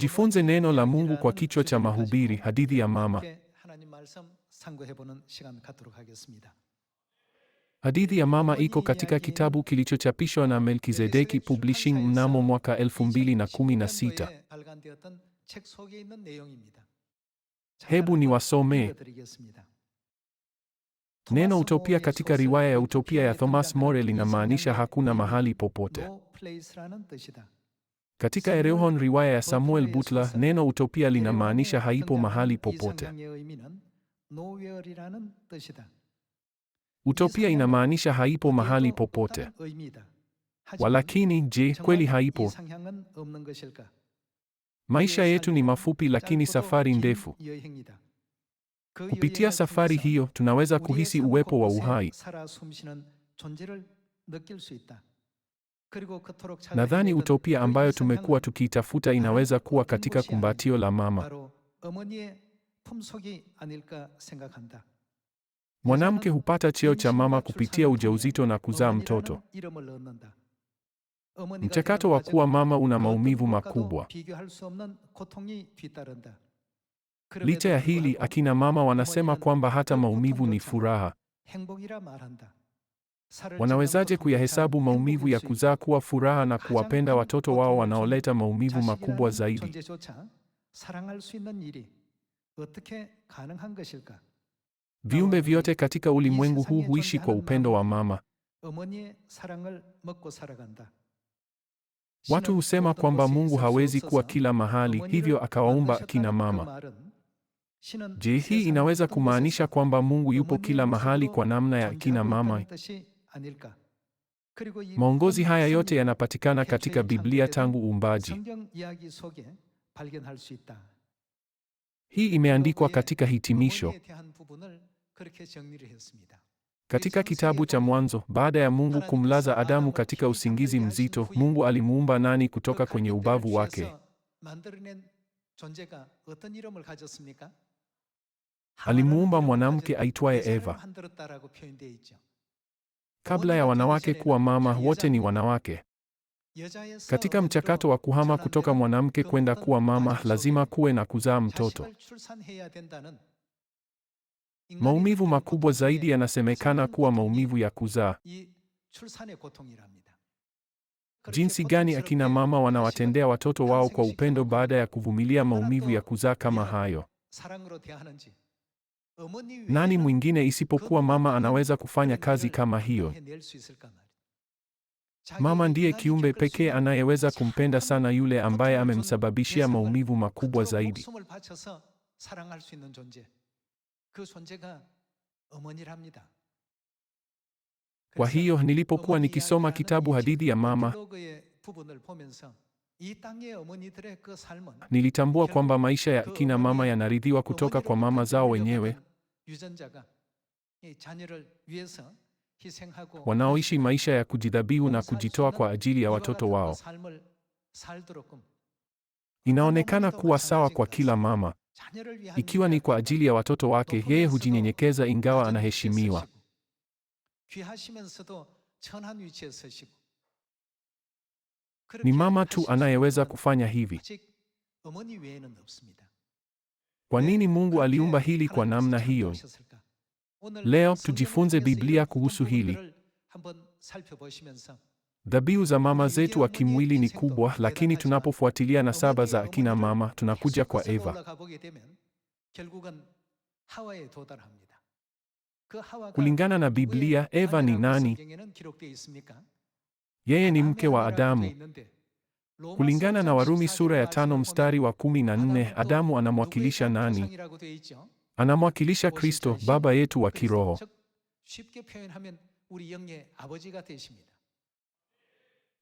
Tujifunze neno la Mungu kwa kichwa cha mahubiri, hadithi ya mama. Hadithi ya mama iko katika kitabu kilichochapishwa na Melkizedeki Publishing mnamo mwaka 2016. Hebu niwasomee neno utopia. Katika riwaya ya Utopia ya Thomas More linamaanisha hakuna mahali popote. Katika Erehon, riwaya ya Samuel Butler, neno utopia linamaanisha haipo mahali popote. Utopia inamaanisha haipo mahali popote. Walakini, je, kweli haipo? Maisha yetu ni mafupi lakini safari ndefu. Kupitia safari hiyo tunaweza kuhisi uwepo wa uhai. Nadhani utopia ambayo tumekuwa tukiitafuta inaweza kuwa katika kumbatio la mama. Mwanamke hupata cheo cha mama kupitia ujauzito na kuzaa mtoto. Mchakato wa kuwa mama una maumivu makubwa. Licha ya hili, akina mama wanasema kwamba hata maumivu ni furaha. Wanawezaje kuyahesabu maumivu ya kuzaa kuwa furaha na kuwapenda watoto wao wanaoleta maumivu makubwa zaidi? Viumbe vyote katika ulimwengu huu huishi kwa upendo wa mama. Watu husema kwamba Mungu hawezi kuwa kila mahali, hivyo akawaumba kina mama. Je, hii inaweza kumaanisha kwamba Mungu yupo kila mahali kwa namna ya kina mama? Maongozi haya yote yanapatikana katika Biblia tangu uumbaji. Hii imeandikwa katika hitimisho. Katika kitabu cha Mwanzo, baada ya Mungu kumlaza Adamu katika usingizi mzito, Mungu alimuumba nani kutoka kwenye ubavu wake? Alimuumba mwanamke aitwaye Eva. Kabla ya wanawake kuwa mama, wote ni wanawake. Katika mchakato wa kuhama kutoka mwanamke kwenda kuwa mama, lazima kuwe na kuzaa mtoto. Maumivu makubwa zaidi yanasemekana kuwa maumivu ya kuzaa. Jinsi gani akina mama wanawatendea watoto wao kwa upendo baada ya kuvumilia maumivu ya kuzaa kama hayo! Nani mwingine isipokuwa mama anaweza kufanya kazi kama hiyo? Mama ndiye kiumbe pekee anayeweza kumpenda sana yule ambaye amemsababishia maumivu makubwa zaidi. Kwa hiyo nilipokuwa nikisoma kitabu Hadithi ya Mama, nilitambua kwamba maisha ya kina mama yanaridhiwa kutoka kwa mama zao wenyewe wanaoishi maisha ya kujidhabihu na kujitoa kwa ajili ya watoto wao. Inaonekana kuwa sawa kwa kila mama. Ikiwa ni kwa ajili ya watoto wake, yeye hujinyenyekeza ingawa anaheshimiwa. Ni mama tu anayeweza kufanya hivi. Kwa nini Mungu aliumba hili kwa namna hiyo? Leo tujifunze Biblia kuhusu hili. Dhabihu za mama zetu wa kimwili ni kubwa, lakini tunapofuatilia nasaba za akina mama tunakuja kwa Eva. Kulingana na Biblia, Eva ni nani? Yeye ni mke wa Adamu. Kulingana na Warumi sura ya tano mstari wa kumi na nne Adamu anamwakilisha nani? Anamwakilisha Kristo, Baba yetu wa kiroho.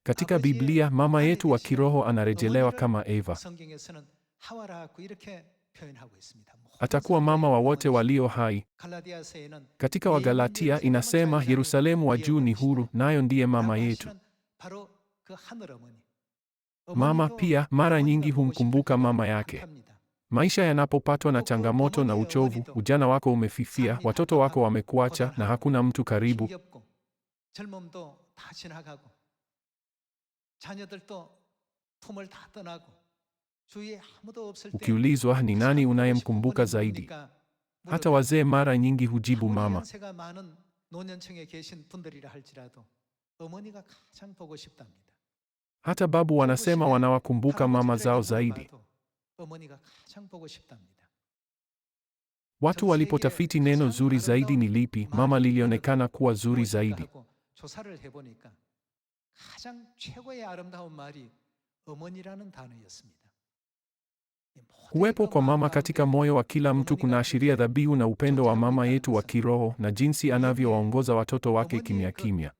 Katika Biblia mama yetu wa kiroho anarejelewa kama Eva. Atakuwa mama wa wote walio hai. Katika Wagalatia inasema Yerusalemu wa juu ni huru, nayo ndiye mama yetu. Mama pia mara nyingi humkumbuka mama yake. Maisha yanapopatwa na changamoto na uchovu, ujana wako umefifia, watoto wako wamekuacha na hakuna mtu karibu. Ukiulizwa ni nani unayemkumbuka zaidi, hata wazee mara nyingi hujibu mama. Hata babu wanasema wanawakumbuka mama zao zaidi. Watu walipotafiti neno zuri zaidi ni lipi, mama lilionekana kuwa zuri zaidi. Kuwepo kwa mama katika moyo wa kila mtu kunaashiria dhabihu na upendo wa mama yetu wa kiroho na jinsi anavyowaongoza watoto wake kimya kimya.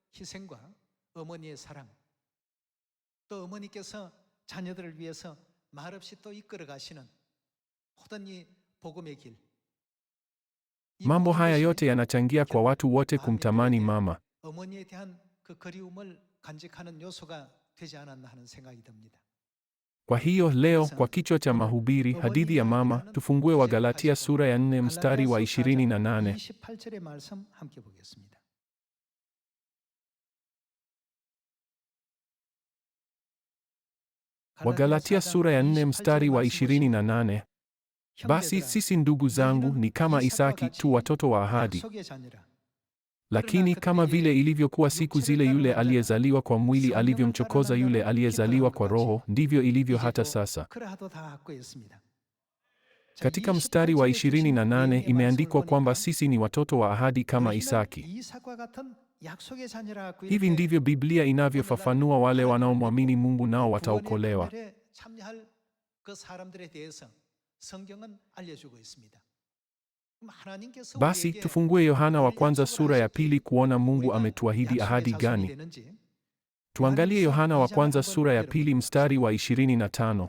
또 어머니께서 자녀들을 위해서 말없이 또 이끌어 가시는 호던 이 복음의 길. Mambo haya yote yanachangia kwa watu wote kumtamani mama. 어머니에 대한 그 그리움을 간직하는 요소가 되지 않았나 하는 생각이 듭니다. Kwa hiyo leo kwa kichwa cha mahubiri hadithi ya mama, tufungue Wagalatia sura ya 4 mstari wa 28. Wagalatia sura ya 4 mstari wa 28. Basi sisi ndugu zangu ni kama Isaki tu watoto wa ahadi. Lakini kama vile ilivyokuwa siku zile yule aliyezaliwa kwa mwili alivyomchokoza yule aliyezaliwa kwa roho, ndivyo ilivyo hata sasa. Katika mstari wa 28 imeandikwa kwamba sisi ni watoto wa ahadi kama Isaki. Hivi ndivyo Biblia inavyofafanua wale wanaomwamini Mungu nao wataokolewa. Basi tufungue Yohana wa kwanza sura ya pili kuona Mungu ametuahidi ahadi gani. Tuangalie Yohana wa kwanza sura ya pili mstari wa 25.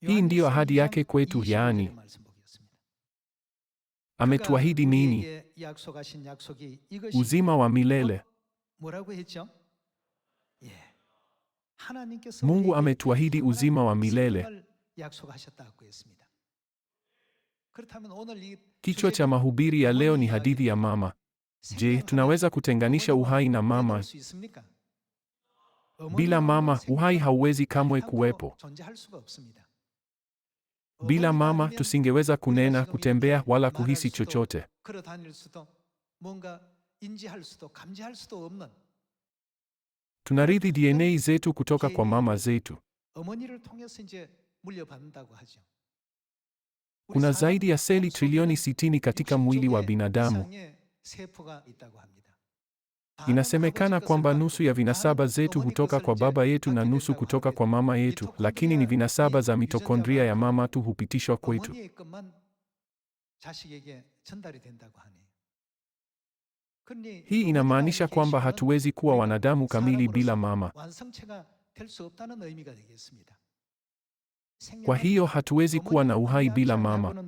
Hii ndiyo ahadi yake kwetu, yaani Ametuahidi nini? Uzima wa milele. Mungu ametuahidi uzima wa milele. Kichwa cha mahubiri ya leo ni hadithi ya mama. Je, tunaweza kutenganisha uhai na mama? Bila mama, uhai hauwezi kamwe kuwepo. Bila mama tusingeweza kunena, kutembea wala kuhisi chochote. Tunarithi DNA zetu kutoka kwa mama zetu. Kuna zaidi ya seli trilioni 60 katika mwili wa binadamu. Ah, inasemekana kwamba nusu ya vinasaba zetu hutoka kwa baba yetu na nusu kutoka kwa mama yetu, lakini ni vinasaba za mitokondria ya mama tu hupitishwa kwetu. Hii inamaanisha kwamba hatuwezi kuwa wanadamu kamili bila mama. Kwa hiyo hatuwezi kuwa na uhai bila mama.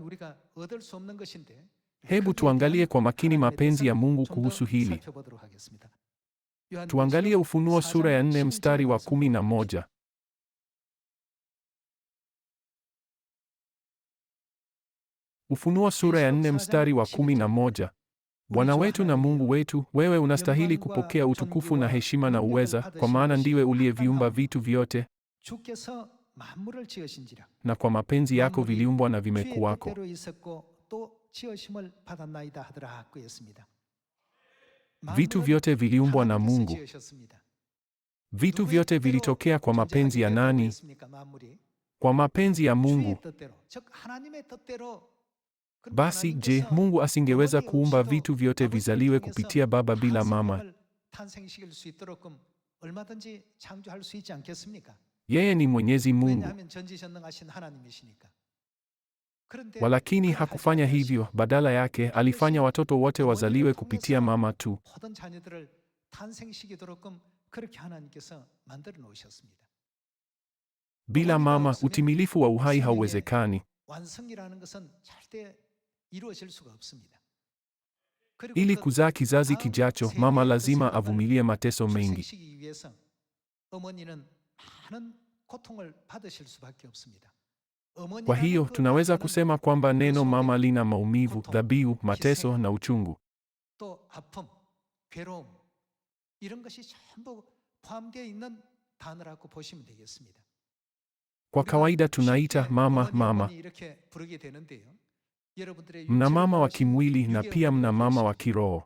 Hebu tuangalie kwa makini mapenzi ya Mungu kuhusu hili. Tuangalie Ufunuo sura ya 4 mstari wa kumi na moja. Ufunuo sura ya nne mstari wa kumi na moja. Bwana wetu na Mungu wetu, wewe unastahili kupokea utukufu na heshima na uweza, kwa maana ndiwe uliyeviumba vitu vyote, na kwa mapenzi yako viliumbwa na vimekuwako. Vitu vyote viliumbwa na Mungu. Vitu vyote vilitokea kwa mapenzi ya nani? Kwa mapenzi ya Mungu. Basi je, Mungu asingeweza kuumba vitu vyote vizaliwe kupitia baba bila mama? Yeye ni Mwenyezi Mungu. Walakini hakufanya hivyo. Badala yake alifanya watoto wote wazaliwe kupitia mama tu. Bila mama utimilifu wa uhai hauwezekani. Ili kuzaa kizazi kijacho, mama lazima avumilie mateso mengi. Kwa hiyo tunaweza kusema kwamba neno mama lina maumivu, dhabihu, mateso na uchungu. Kwa kawaida tunaita mama mama. Mna mama wa kimwili na pia mna mama wa kiroho.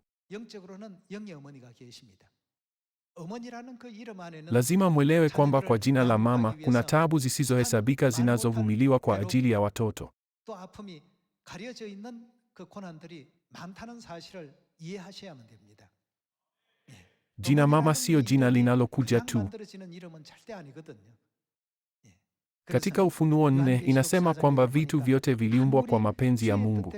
Lazima mwelewe kwamba kwa jina la mama kuna taabu zisizohesabika zinazovumiliwa kwa ajili ya watoto. Jina mama siyo jina linalokuja tu. Katika Ufunuo nne inasema kwamba vitu vyote viliumbwa kwa mapenzi ya Mungu.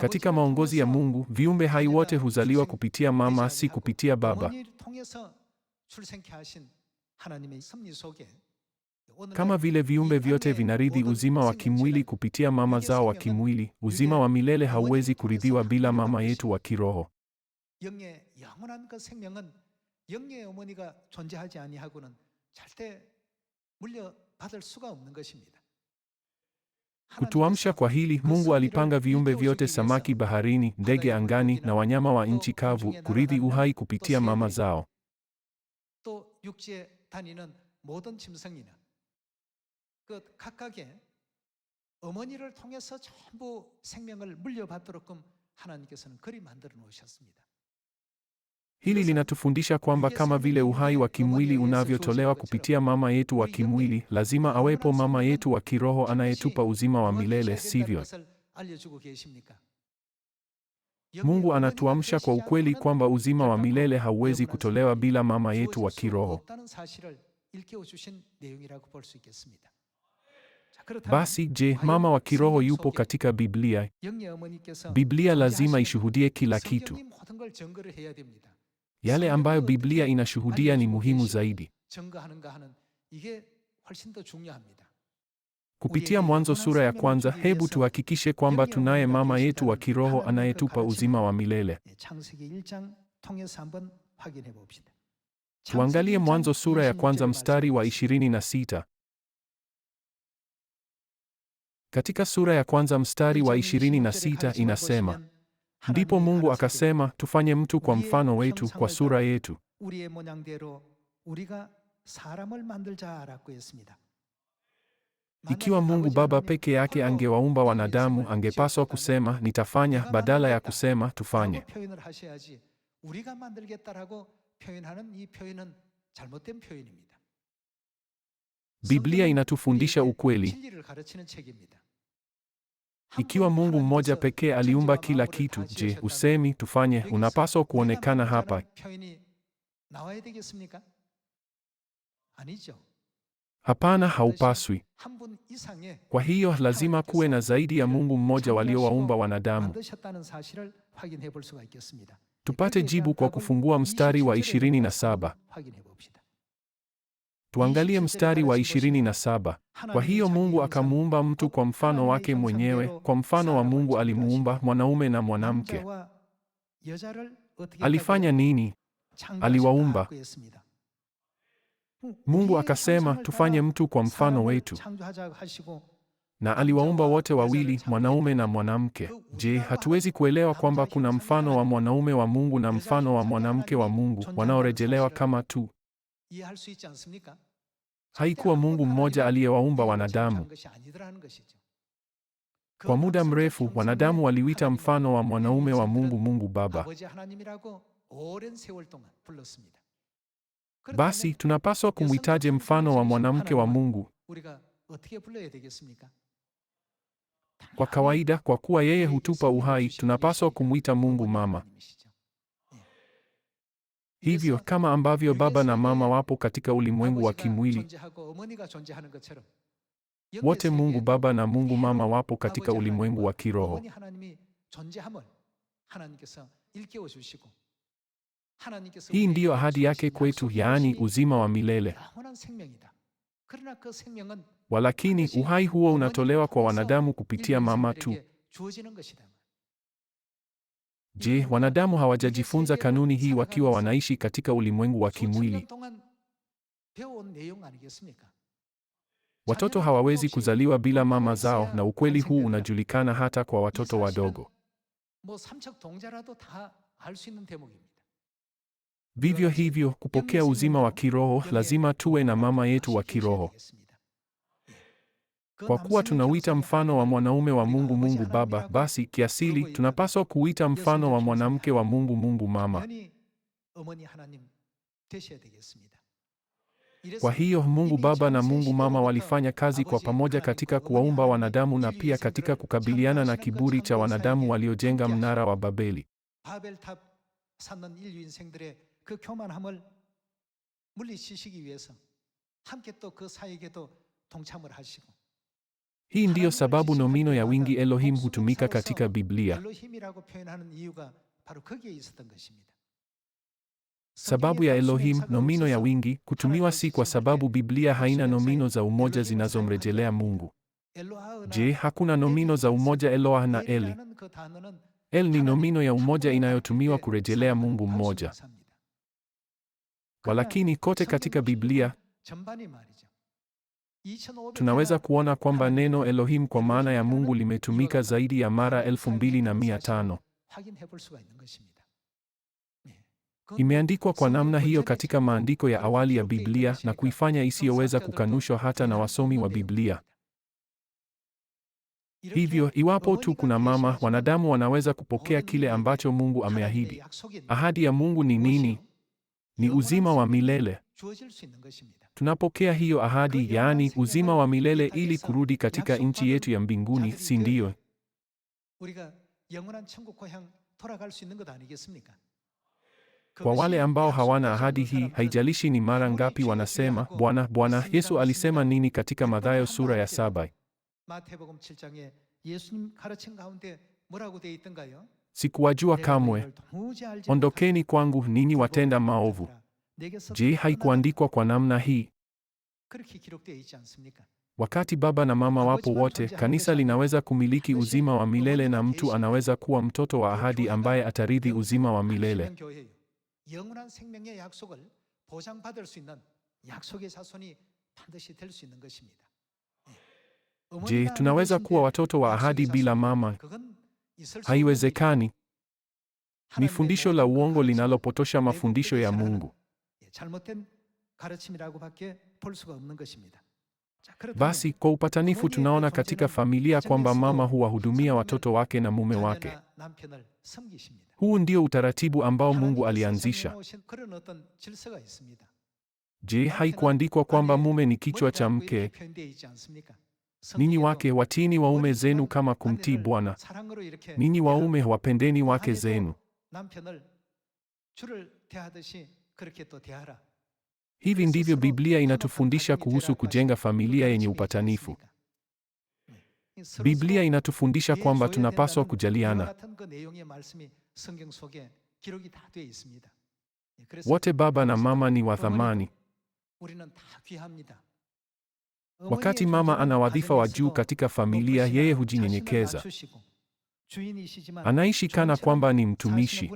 Katika maongozi ya Mungu, viumbe hai wote huzaliwa kupitia mama, si kupitia baba. Kama vile viumbe vyote vinarithi uzima wa kimwili kupitia mama zao wa kimwili, uzima wa milele hauwezi kurithiwa bila mama yetu wa kiroho. Kutuamsha kwa hili, Mungu alipanga viumbe vyote, samaki baharini, ndege angani na wanyama wa nchi kavu, kurithi uhai kupitia mama zao. wanyama wa 전부 kavu, 물려받도록끔 uhai kupitia mama zao. Hili linatufundisha kwamba kama vile uhai wa kimwili unavyotolewa kupitia mama yetu wa kimwili, lazima awepo mama yetu wa kiroho anayetupa uzima wa milele, sivyo? Mungu anatuamsha kwa ukweli kwamba uzima wa milele hauwezi kutolewa bila mama yetu wa kiroho. Basi je, mama wa kiroho yupo katika Biblia? Biblia lazima ishuhudie kila kitu. Yale ambayo Biblia inashuhudia ni muhimu zaidi. Kupitia Mwanzo sura ya kwanza, hebu tuhakikishe kwamba tunaye mama yetu wa kiroho anayetupa uzima wa milele. Tuangalie Mwanzo sura ya kwanza mstari wa 26. Katika sura ya kwanza mstari wa 26 inasema Ndipo Mungu akasema, tufanye mtu kwa mfano wetu, kwa sura yetu. Ikiwa Mungu Baba peke yake angewaumba wanadamu, angepaswa kusema nitafanya, badala ya kusema tufanye. Biblia inatufundisha ukweli. Ikiwa Mungu mmoja pekee aliumba kila kitu, je, usemi tufanye unapaswa kuonekana hapa? Hapana, haupaswi. Kwa hiyo lazima kuwe na zaidi ya Mungu mmoja waliowaumba wanadamu. Tupate jibu kwa kufungua mstari wa 27. Tuangalie mstari wa 27. Kwa hiyo Mungu akamuumba mtu kwa mfano wake mwenyewe, kwa mfano wa Mungu alimuumba, mwanaume na mwanamke. Alifanya nini? Aliwaumba. Mungu akasema, tufanye mtu kwa mfano wetu, na aliwaumba wote wawili, mwanaume na mwanamke. Je, hatuwezi kuelewa kwamba kuna mfano wa mwanaume wa Mungu na mfano wa mwanamke wa Mungu wanaorejelewa kama tu Haikuwa Mungu mmoja aliyewaumba wanadamu. Kwa muda mrefu wanadamu waliwita mfano wa mwanaume wa Mungu Mungu Baba. Basi tunapaswa kumwitaje mfano wa mwanamke wa Mungu? Kwa kawaida, kwa kuwa yeye hutupa uhai, tunapaswa kumwita Mungu Mama. Hivyo kama ambavyo baba na mama wapo katika ulimwengu wa kimwili, wote Mungu Baba na Mungu Mama wapo katika ulimwengu wa kiroho. Hii ndiyo ahadi yake kwetu, yaani uzima wa milele. Walakini uhai huo unatolewa kwa wanadamu kupitia mama tu. Je, wanadamu hawajajifunza kanuni hii wakiwa wanaishi katika ulimwengu wa kimwili? Watoto hawawezi kuzaliwa bila mama zao, na ukweli huu unajulikana hata kwa watoto wadogo. Vivyo hivyo, kupokea uzima wa kiroho lazima tuwe na mama yetu wa kiroho. Kwa kuwa tunauita mfano wa mwanaume wa Mungu Mungu Baba, basi kiasili tunapaswa kuuita mfano wa mwanamke wa Mungu Mungu Mama. Kwa hiyo Mungu Baba na Mungu Mama walifanya kazi kwa pamoja katika kuwaumba wanadamu na pia katika kukabiliana na kiburi cha wanadamu waliojenga mnara wa Babeli. Hii ndiyo sababu nomino ya wingi Elohim hutumika katika Biblia. Sababu ya Elohim, nomino ya wingi, kutumiwa si kwa sababu Biblia haina nomino za umoja zinazomrejelea Mungu. Je, hakuna nomino za umoja Eloah na Eli? El ni nomino ya umoja inayotumiwa kurejelea Mungu mmoja. Walakini kote katika Biblia Tunaweza kuona kwamba neno Elohim kwa maana ya Mungu limetumika zaidi ya mara elfu mbili na mia tano. Imeandikwa kwa namna hiyo katika maandiko ya awali ya Biblia na kuifanya isiyoweza kukanushwa hata na wasomi wa Biblia. Hivyo iwapo tu kuna mama, wanadamu wanaweza kupokea kile ambacho Mungu ameahidi. Ahadi ya Mungu ni nini? Ni uzima wa milele. Tunapokea hiyo ahadi, yaani uzima wa milele, ili kurudi katika nchi yetu ya mbinguni, si ndiyo? Kwa wale ambao hawana ahadi hii, haijalishi ni mara ngapi wanasema Bwana, Bwana, Yesu alisema nini katika Mathayo sura ya saba? Sikuwajua kamwe, ondokeni kwangu ninyi watenda maovu. Je, haikuandikwa kwa namna hii? Wakati baba na mama wapo wote, kanisa linaweza kumiliki uzima wa milele na mtu anaweza kuwa mtoto wa ahadi ambaye atarithi uzima wa milele. Je, tunaweza kuwa watoto wa ahadi bila mama? Haiwezekani. Ni fundisho la uongo linalopotosha mafundisho ya Mungu. 잘못된 가르침이라고밖에 볼 수가 없는 것입니다. Basi kwa upatanifu tunaona katika familia kwamba mama huwahudumia watoto wake na mume wake. Huu ndio utaratibu ambao Mungu alianzisha. Je, haikuandikwa kwamba mume ni kichwa cha mke, ninyi wake watiini waume zenu kama kumtii Bwana? Ninyi waume wapendeni wake zenu. Hivi ndivyo Biblia inatufundisha kuhusu kujenga familia yenye upatanifu. Biblia inatufundisha kwamba tunapaswa kujaliana. Wote baba na mama ni wa thamani. Wakati mama ana wadhifa wa juu katika familia, yeye hujinyenyekeza. Anaishi kana kwamba ni mtumishi.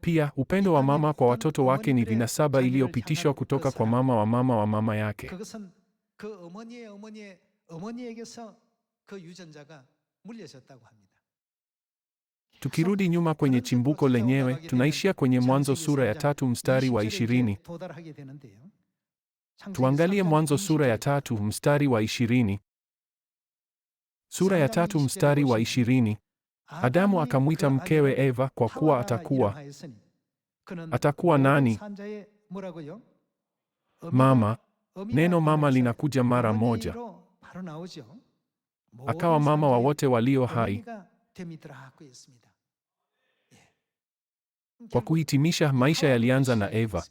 Pia upendo wa mama kwa watoto wake ni vinasaba iliyopitishwa kutoka kwa mama wa mama wa mama yake. Tukirudi nyuma kwenye chimbuko lenyewe, tunaishia kwenye Mwanzo sura ya tatu mstari wa ishirini. Tuangalie Mwanzo sura ya tatu mstari wa ishirini. Sura ya tatu mstari wa ishirini. Adamu akamwita mkewe Eva kwa kuwa atakuwa atakuwa nani? Mama. Neno mama linakuja mara moja, akawa mama wa wote walio hai. Kwa kuhitimisha, maisha yalianza na Eva.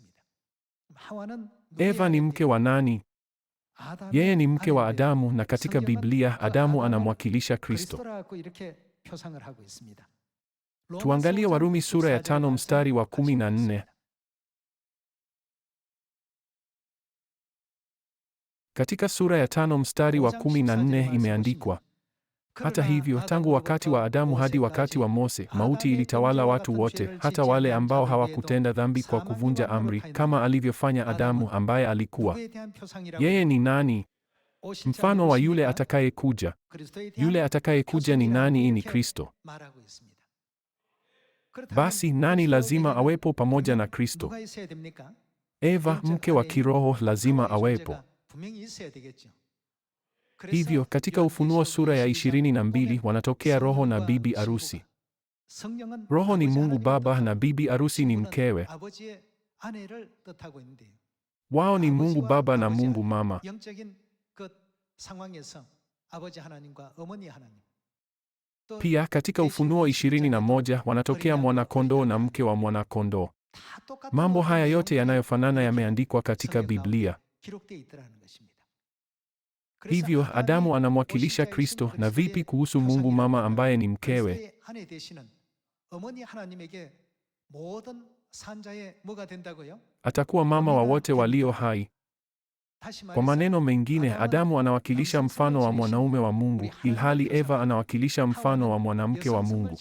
Eva ni mke wa nani? Yeye ni mke wa Adamu, na katika Biblia Adamu anamwakilisha Kristo. Tuangalie Warumi sura ya tano mstari wa kumi na nne. Katika sura ya tano mstari wa kumi na nne imeandikwa, hata hivyo tangu wakati wa Adamu hadi wakati wa Mose mauti ilitawala watu wote, hata wale ambao hawakutenda dhambi kwa kuvunja amri, kama alivyofanya Adamu ambaye alikuwa yeye ni nani? mfano wa yule atakayekuja. Yule atakayekuja ni nani? Ni Kristo. Basi nani lazima awepo pamoja na Kristo? Eva, mke wa kiroho, lazima awepo. Hivyo katika Ufunuo sura ya 22 wanatokea Roho na bibi arusi. Roho ni Mungu Baba na bibi arusi ni mkewe. Wao ni Mungu Baba na Mungu Mama. Pia katika Ufunuo 21 wanatokea mwanakondoo na mke wa mwanakondoo. Mambo haya yote yanayofanana yameandikwa katika Biblia. Hivyo Adamu anamwakilisha Kristo, na vipi kuhusu Mungu Mama ambaye ni mkewe? Atakuwa mama wa wote walio hai. Kwa maneno mengine, Adamu anawakilisha mfano wa mwanaume wa Mungu, ilhali Eva anawakilisha mfano wa mwanamke wa Mungu.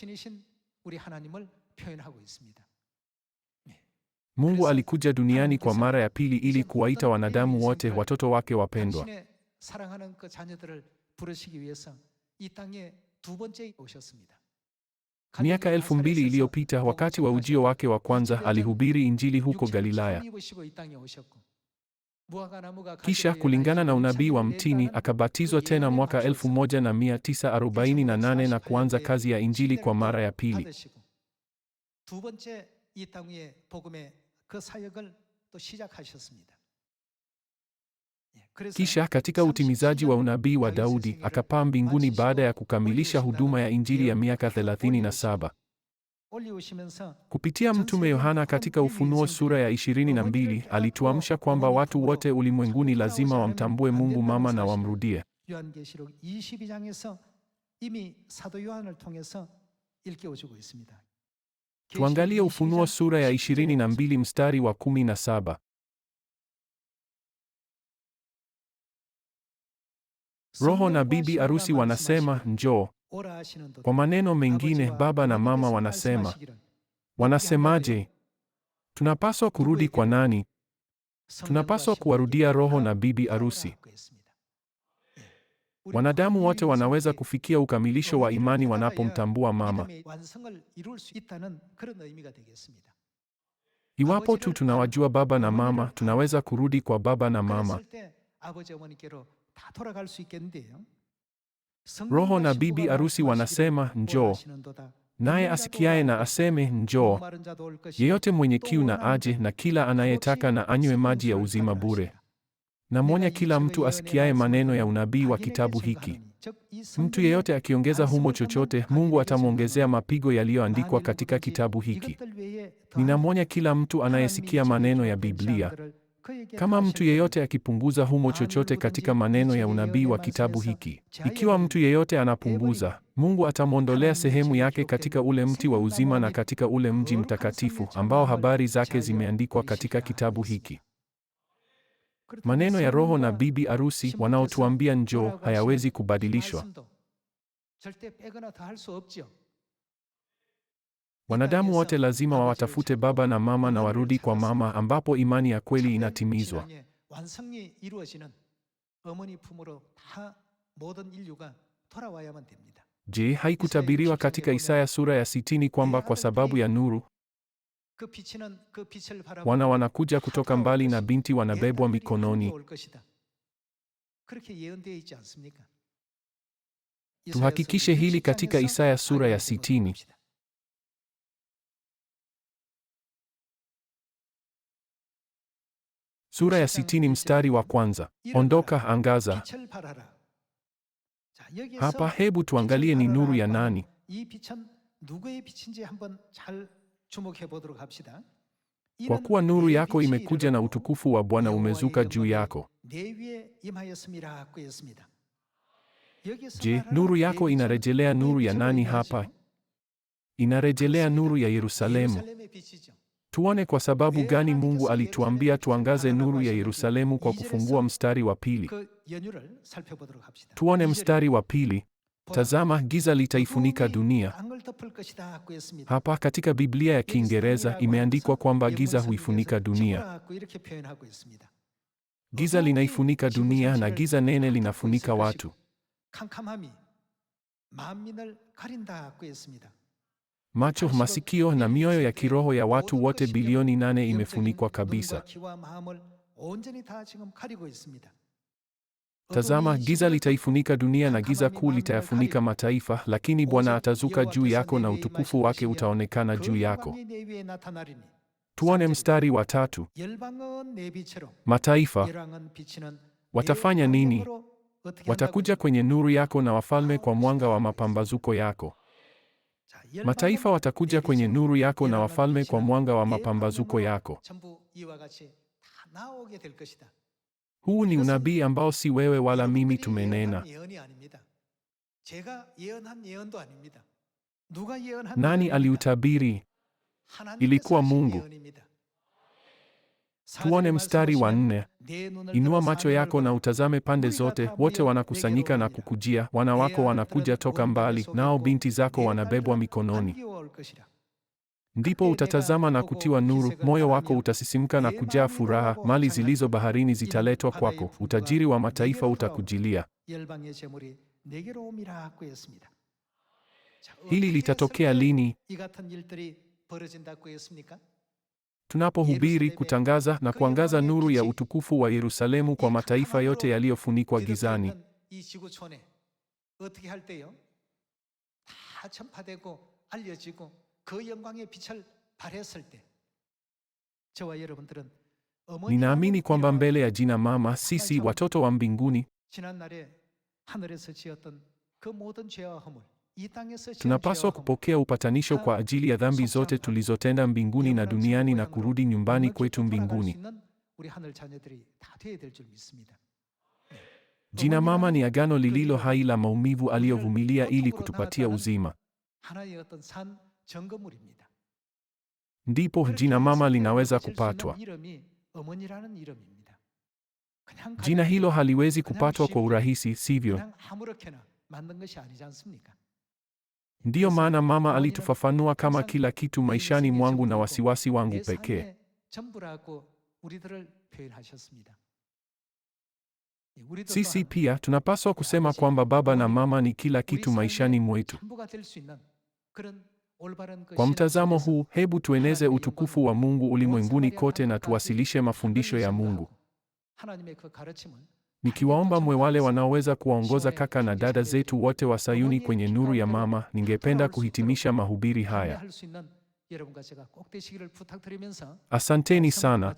Mungu alikuja duniani kwa mara ya pili ili kuwaita wanadamu wote watoto wake wapendwa. Miaka elfu mbili iliyopita wakati wa ujio wake wa kwanza alihubiri Injili huko Galilaya. Kisha kulingana na unabii wa mtini akabatizwa tena mwaka 1948 na kuanza kazi ya injili kwa mara ya pili. Kisha katika utimizaji wa unabii wa Daudi akapaa mbinguni baada ya kukamilisha huduma ya injili ya miaka 37. Kupitia Mtume Yohana katika Ufunuo sura ya 22, alituamsha kwamba watu wote ulimwenguni lazima wamtambue Mungu Mama na wamrudie. Tuangalie Ufunuo sura ya 22 mstari wa 17. Roho na bibi arusi wanasema njoo. Kwa maneno mengine, baba na mama wanasema, wanasemaje? Tunapaswa kurudi kwa nani? Tunapaswa kuwarudia Roho na bibi arusi. Wanadamu wote wanaweza kufikia ukamilisho wa imani wanapomtambua mama. Iwapo tu tunawajua baba na mama, tunaweza kurudi kwa baba na mama. Roho na bibi arusi wanasema njoo, naye asikiaye na aseme njoo. Yeyote mwenye kiu na aje, na kila anayetaka na anywe maji ya uzima bure. Namwonya kila mtu asikiaye maneno ya unabii wa kitabu hiki. Mtu yeyote akiongeza humo chochote, Mungu atamwongezea mapigo yaliyoandikwa katika kitabu hiki. Ninamwonya kila mtu anayesikia maneno ya Biblia kama mtu yeyote akipunguza humo chochote katika maneno ya unabii wa kitabu hiki, ikiwa mtu yeyote anapunguza, Mungu atamwondolea sehemu yake katika ule mti wa uzima na katika ule mji mtakatifu ambao habari zake zimeandikwa katika kitabu hiki. Maneno ya Roho na bibi arusi wanaotuambia njoo hayawezi kubadilishwa. Wanadamu wote lazima wawatafute baba na mama na warudi kwa mama ambapo imani ya kweli inatimizwa. Je, haikutabiriwa katika Isaya sura ya sitini kwamba kwa sababu ya nuru wana wanakuja kutoka mbali na binti wanabebwa mikononi? Tuhakikishe hili katika Isaya sura ya sitini. sura ya sitini mstari wa kwanza. Ondoka, angaza. Hapa hebu tuangalie ni nuru ya nani. Kwa kuwa nuru yako imekuja na utukufu wa Bwana umezuka juu yako. Je, nuru yako inarejelea nuru ya nani hapa? Inarejelea nuru ya Yerusalemu. Tuone kwa sababu ee gani Mungu alituambia tuangaze nuru ya Yerusalemu kwa kufungua mstari wa pili. Tuone mstari wa pili. Tazama, giza litaifunika dunia. Hapa katika Biblia ya Kiingereza imeandikwa kwamba giza huifunika dunia. Giza linaifunika dunia na giza nene linafunika watu. Macho, masikio na mioyo ya kiroho ya watu wote bilioni nane imefunikwa kabisa. Tazama, giza litaifunika dunia na giza kuu litayafunika mataifa, lakini Bwana atazuka juu yako na utukufu wake utaonekana juu yako. Tuone mstari wa tatu. Mataifa watafanya nini? Watakuja kwenye nuru yako na wafalme kwa mwanga wa mapambazuko yako. Mataifa watakuja kwenye nuru yako na wafalme kwa mwanga wa mapambazuko yako. Huu ni unabii ambao si wewe wala mimi tumenena. Nani aliutabiri? Ilikuwa Mungu. Tuone mstari wa nne. Inua macho yako na utazame pande zote, wote wanakusanyika na kukujia, wana wako wanakuja toka mbali, nao binti zako wanabebwa mikononi. Ndipo utatazama na kutiwa nuru, moyo wako utasisimka na kujaa furaha, mali zilizo baharini zitaletwa kwako, utajiri wa mataifa utakujilia. Hili litatokea lini? Tunapohubiri, kutangaza na kuangaza nuru ya utukufu wa Yerusalemu kwa mataifa yote yaliyofunikwa gizani. Ninaamini kwamba mbele ya jina mama sisi watoto wa mbinguni Tunapaswa kupokea upatanisho kwa ajili ya dhambi zote tulizotenda mbinguni na duniani na kurudi nyumbani kwetu mbinguni. Jina mama ni agano lililo hai la maumivu aliyovumilia ili kutupatia uzima. Ndipo jina mama linaweza kupatwa. Jina hilo haliwezi kupatwa kwa urahisi, sivyo? Ndiyo maana mama alitufafanua kama kila kitu maishani mwangu na wasiwasi wangu pekee. Sisi pia tunapaswa kusema kwamba baba na mama ni kila kitu maishani mwetu. Kwa mtazamo huu, hebu tueneze utukufu wa Mungu ulimwenguni kote na tuwasilishe mafundisho ya Mungu. Nikiwaomba mwe wale wanaoweza kuwaongoza kaka na dada zetu wote wa Sayuni kwenye nuru ya mama, ningependa kuhitimisha mahubiri haya. Asanteni sana.